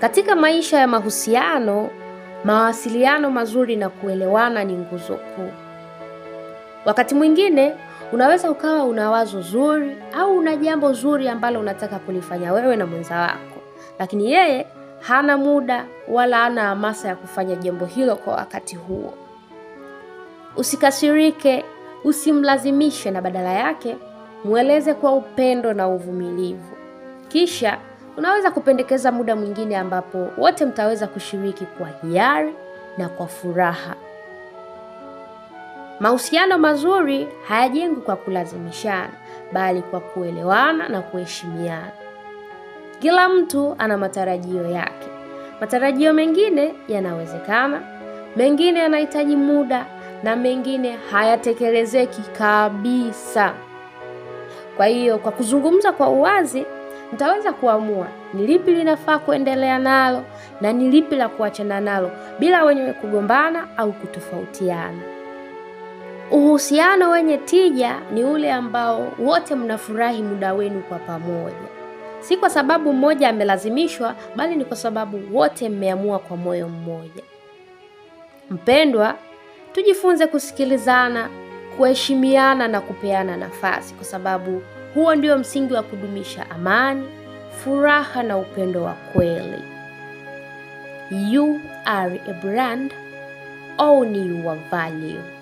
Katika maisha ya mahusiano, mawasiliano mazuri na kuelewana ni nguzo kuu. Wakati mwingine unaweza ukawa una wazo zuri au una jambo zuri ambalo unataka kulifanya wewe na mwenza wako, lakini yeye hana muda wala hana hamasa ya kufanya jambo hilo kwa wakati huo. Usikasirike, usimlazimishe, na badala yake mweleze kwa upendo na uvumilivu, kisha Unaweza kupendekeza muda mwingine ambapo wote mtaweza kushiriki kwa hiari na kwa furaha. Mahusiano mazuri hayajengwi kwa kulazimishana, bali kwa kuelewana na kuheshimiana. Kila mtu ana matarajio yake. Matarajio mengine yanawezekana, mengine yanahitaji muda na mengine hayatekelezeki kabisa. Kwa hiyo, kwa kuzungumza kwa uwazi Nitaweza kuamua ni lipi linafaa kuendelea nalo na ni lipi la kuachana nalo bila wenyewe kugombana au kutofautiana. Uhusiano wenye tija ni ule ambao wote mnafurahi muda wenu kwa pamoja, si kwa sababu mmoja amelazimishwa, bali ni kwa sababu wote mmeamua kwa moyo mmoja. Mpendwa, tujifunze kusikilizana, kuheshimiana na kupeana nafasi kwa sababu huo ndio msingi wa kudumisha amani, furaha na upendo wa kweli. You are a brand, own your value.